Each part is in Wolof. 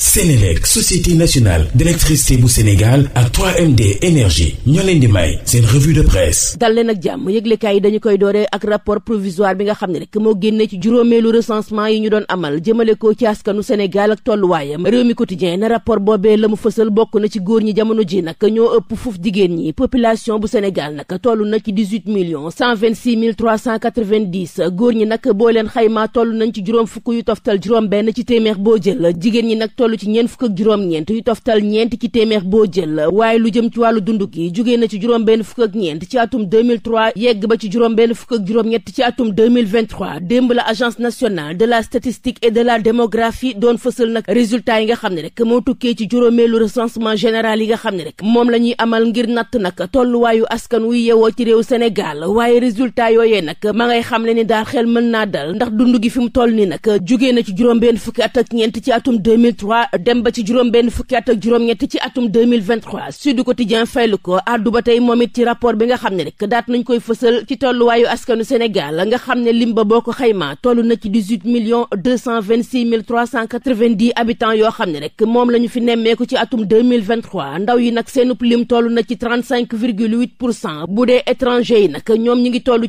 Sénélec société nationale d'électricité bu Sénégal ak 3MD énergie ñoo leen di may seen revue de presse dal leen ak jàmm yëglekaay yi dañu koy dooree ak rapport provisoire bi nga xam ne rek moo génnee ci juróomeelu recensement yi ñu doon amal jëmale ko ci askanu Sénégal ak tolluwaayam réew mi quotidien na rapport boobee la mu fësal bokk na ci góor ñi jamono ji nag ñoo ëpp fuuf jigéen ñi population bu Sénégal nag toll na ci 18 millions 126 mille 390 góor ñi nag boo leen xaymaa toll nañ ci juróom fukk yu toftal benn ci téeméer boo jigéen ñi nag toll ci démb la agence nationale de la statistique et de la démographie doon fësal nag résultat yi nga xam ne rek moo tukkee ci juróomeelu recensement général yi nga xam ne rek moom la ñuy amal ngir natt nag tolluwaayu askan wuy yewoo ci réew Sénégal waaye résultat yooyee nag ma ngay xam ne ni daal xel mën naa dal ndax dund gi fi mu toll ni nag jugee na ci juróom benn fukki at ak ñeent ci atum 23 dem ba ci juróom benn fukki at ak juróom-ñett ci atum 2023 Sud Quotidien faylu ko àddu ba tey moom it ci rapport bi nga xam ne rek daat nañ koy fësal ci tolluwaayu askanu Sénégal nga xam ne lim ba boo ko xayma toll na ci 18 yoo xam ne rek moom la ñu fi nemmeeku ci atum 2023 ndaw yi nag seenub lim toll na ci 35 bu dee étranger yi nag ñoom ñu ngi toll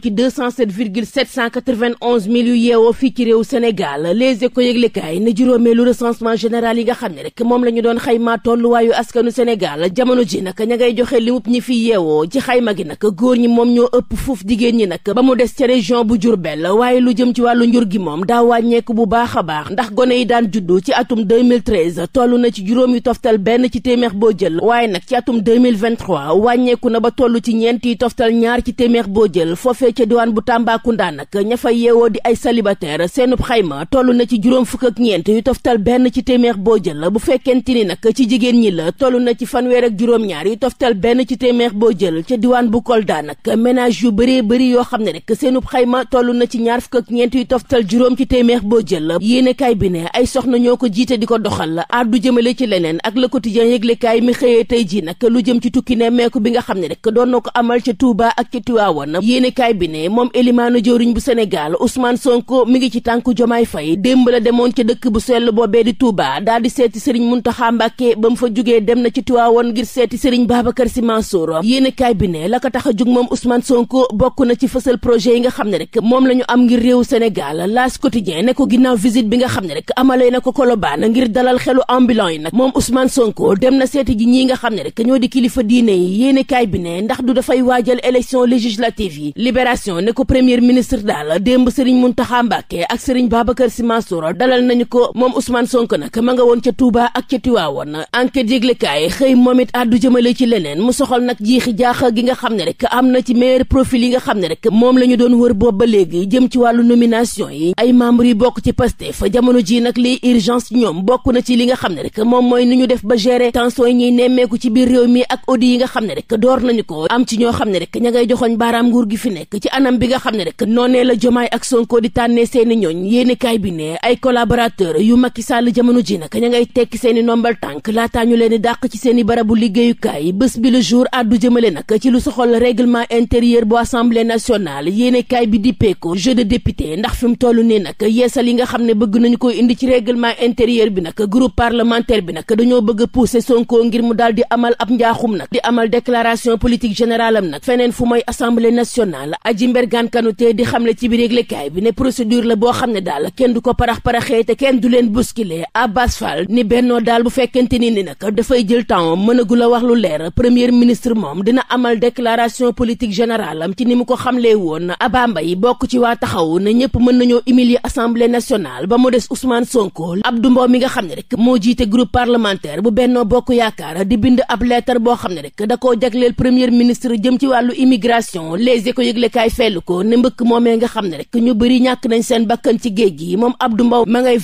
ci yu yeewoo fii ci réew Sénégal Les Échos yëglekaay ne juróomeelu recensement général nationale yi nga xam ne rek moom la ñu doon xayma tolluwaayu askanu Sénégal jamono ji nag ña ngay joxe limub ñi fi yeewoo ci xayma gi nag góor ñi moom ñoo ëpp fuuf jigéen ñi nag ba mu des ca région bu Diourbel waaye lu jëm ci wàllu njur gi moom daa wàññeeku bu baax a baax ndax gone yi daan juddu ci atum 2013 toll na ci juróom yu toftal benn ci téeméer boo jël waaye nag ci atum 2023 wàññeeku na ba toll ci ñeent yi toftal ñaar ci téeméer boo jël foofee ca diwaan bu Tambacounda nag ña fa yeewoo di ay célibataire seenub xayma toll na ci juróom fukk ñeent yu benn ci téeméer boo jël bu fekkente ni nag ci jigéen ñi la toll na ci fanweer ak juróom-ñaar yu toftal benn ci téeméer boo jël ca diwaan bu Kolda nag ménage yu bëree bëri yoo xam ne rek seenub xayma toll na ci ñaar fukk ak ñeent yu toftal juróom ci téeméer boo jël yéenekaay bi ne ay soxna ñoo ko jiite di ko doxal addu jëmale ci leneen ak Le Quotidien yëglekaay mi xëyee tey jii nag lu jëm ci tukki ne meeku bi nga xam ne rek doon na ko amal ca Touba ak ca Tiwaawan yéenekaay bi ne moom élimaanu jëwriñ bu Sénégal Ousmane Sonko mi ngi ci tànku Jomaay Fay démb la demoon ca dëkk bu sell boobee di Touba daal di seeti sëriñ Muntaxa Mbàkke ba mu fa jógee dem na ci Tiwaawoon ngir seeti sëriñ Babacar Sy Mansour yéenekaay bi ne la ko tax a jug moom Ousmane Sonko bokk na ci fësal projet yi nga xam ne rek moom la ñu am ngir réewu Sénégal L'As Quotidien ne ko ginnaaw visite bi nga xam ne rek amalee na ko Colobane ngir dalal xelu ambulant yi nag moom Ousmane Sonko dem na seeti nga xam ne rek ñoo di kilifa diine yi yéenekaay bi ne ndax du dafay waajal élection législative yi Libération ne ko premier ministre daal démb sëriñ Muntaxa Mbàkke ak sëriñ Babacar Sy Mansour dalal nañu ko moom Ousmane Sonko nag nga woon ca Touba ak ca Tiwaawoon enquête yëglekaay xëy moom it àddu jëmale ci leneen mu soxal nag jiixi jaaxa gi nga xam ne rek am na ci meilleur profil yi nga xam ne rek moom la ñu doon wër boobu ba léegi jëm ci wàllu nomination yi ay membres yi bokk ci Pastef jamono ji nag liy urgence ñoom bokk na ci li nga xam ne rek moom mooy nu ñu def ba gérer tension yi ñuy nemmeeku ci biir réew mi ak audit yi nga xam ne rek door nañu ko am ci ñoo xam ne rek ña ngay joxoñ baaraam nguur gi fi nekk ci anam bi nga xam ne rek noonee la Jomaay ak Sonko di tànnee seeni ñooñ yéenekaay bi ne ay collaborateur yu Macky Sall jamono ji nag nag ngay tekki seen i nombal tànk laataa ñu leen di dàq ci seen i barabu liggéeyukaay bés bi le jour àddu jëmale nag ci lu soxol règlement intérieur bu assemblée nationale yéene kaay bi di peeko jeu de député ndax fi mu toll nii nag yeesal yi nga xam ne bëgg nañu ko indi ci règlement intérieur bi nag groupe parlementaire bi nag dañoo bëgg a pousser Sonko ngir mu daal di amal ab njaaxum nag di amal déclaration politique générale am nag feneen fu mooy assemblée nationale aji mbergaan kanute di xamle ci biir yëglekaay bi ne procédure la boo xam ne daal kenn du ko parax paraxee te kenn du leen bousculer Abbas Fall ni bennoo daal bu fekkente ni ni nag dafay jël temps mënagul a wax lu leer premier ministre moom dina amal déclaration politique générale am ci ni mu ko xamlee woon Abba Mbaye bokk ci waa taxaw na ñëpp mën nañoo humilier assemblée nationale ba mu des Ousmane Sonko Abdou Mbow mi nga xam ne rek moo jiite groupe parlementaire bu bennoo bokk yaakaar di bind ab lettre boo xam ne rek da koo jagleel premier ministre jëm ci wàllu immigration les éco yëglekaay fellu ko ne mbëkk moomee nga xam ne rek ñu bëri ñàkk nañ seen bakkan ci géej gi moom Abdou Mbow ma ngay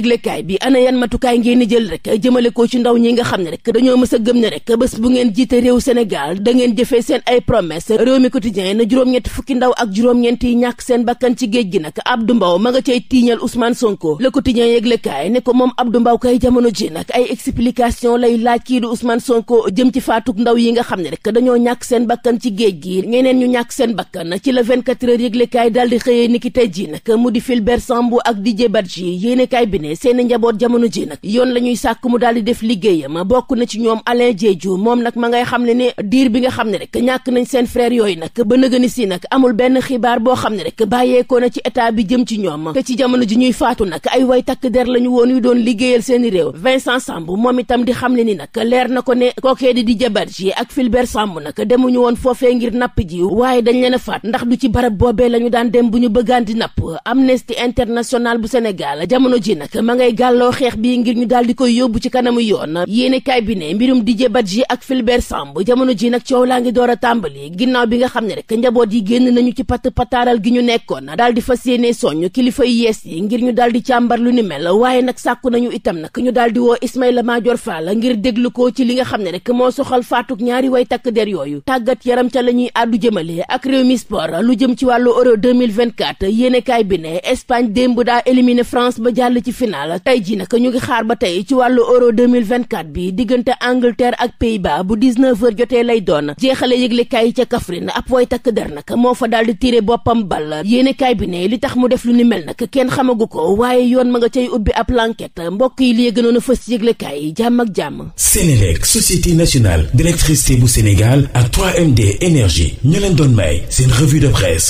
yëglekaay bi ana yan matukaay ngeen jël rek jëmale ko ci ndaw ñi nga xam ne rek dañoo mës a gëm ne rek bés bu ngeen jiite réew Sénégal da ngeen jëfee seen ay promesse réew mi quotidien na juróom-ñetti fukki ndaw ak juróom-ñeent gi nag ko moom jamono ji nag ay explication lay laaj kii di Ousmane Sonko jëm ci faatuk ndaw yi nga xam ne rek dañoo ñàkk seen bakkan ci géej gi ñeneen ñu ñàkk seen bakkan ci la yëglekaay daal xëyee niki tey ji nag mu di Fulbert Sambou ne seen njaboot jamono ji nag yoon la ñuy sàkk mu daal di def liggéeyam bokk na ci ñoom Alain Diedhiou moom nag ma ngay xam ne ne diir bi nga xam ne rek ñàkk nañ seen frère yooyu nag bënn nëgëni si nag amul benn xibaar boo xam ne rek bàyyeekoo na ci état bi jëm ci ñoom ma te ci jamono ji ñuy faatu nag ay way takk der lañu woon yu doon liggéeyal seeni réew Vincent Samb moom itam di xam ne ni nag leer na ko ne kookee di Didier Badji ak Fulbert Samb nag demuñu woon foofee ngir napp ji waaye dañ leen faat ndax du ci barab boobee la ñu daan dem bu ñu bëggaan di napp Amnesty International bu Sénégal jamono ji nag nag ma ngay gàlloo ngir daal di koy yóbbu ci kanamu yoon yéene kaay bi ne mbirum Didier Badji ak Fulbert Samb jamono ji nag coow laa ngi door a tàmbali ginnaaw bi nga xam ne rek njaboot yi génn nañu ci patt pataaral gi ñu nekkoon daal di fas yéene soññ kilifa yi yees yi ngir ñu daal di càmbar lu ni mel waaye nag sàkku nañu itam nag ñu daal di woo Ismaïla Madior Fall ngir lu ko ci li nga xam ne rek moo soxal faatuk ñaari way takk der yooyu tàggat yaram ca la ñuy àddu jëmale ak réew mi sport lu jëm ci wàllu euro 2024 yéene kaay bi ne Espagne démb daa éliminé France ba jàll ci finale tey ji nag ñu ngi xaar ba tey ci wàllu euro 2024 bi diggante Angleterre ak Pays-Bas bu 19h jotee lay doon jeexale yëglekaay yi ca Kaffrine ab way takk der nag moo fa daal di tiire boppam bal yéenekaay bi ne li tax mu def lu ni mel nag kenn xamagu ko waaye yoon ma nga cay ubbi ab enquête mbokk yi li gënoon a fës yëglekaay yi jàmm ak jàmm. Sénélec société nationale d'électricité bu Sénégal ak 3MD énergie ñu leen doon may seen revue de presse.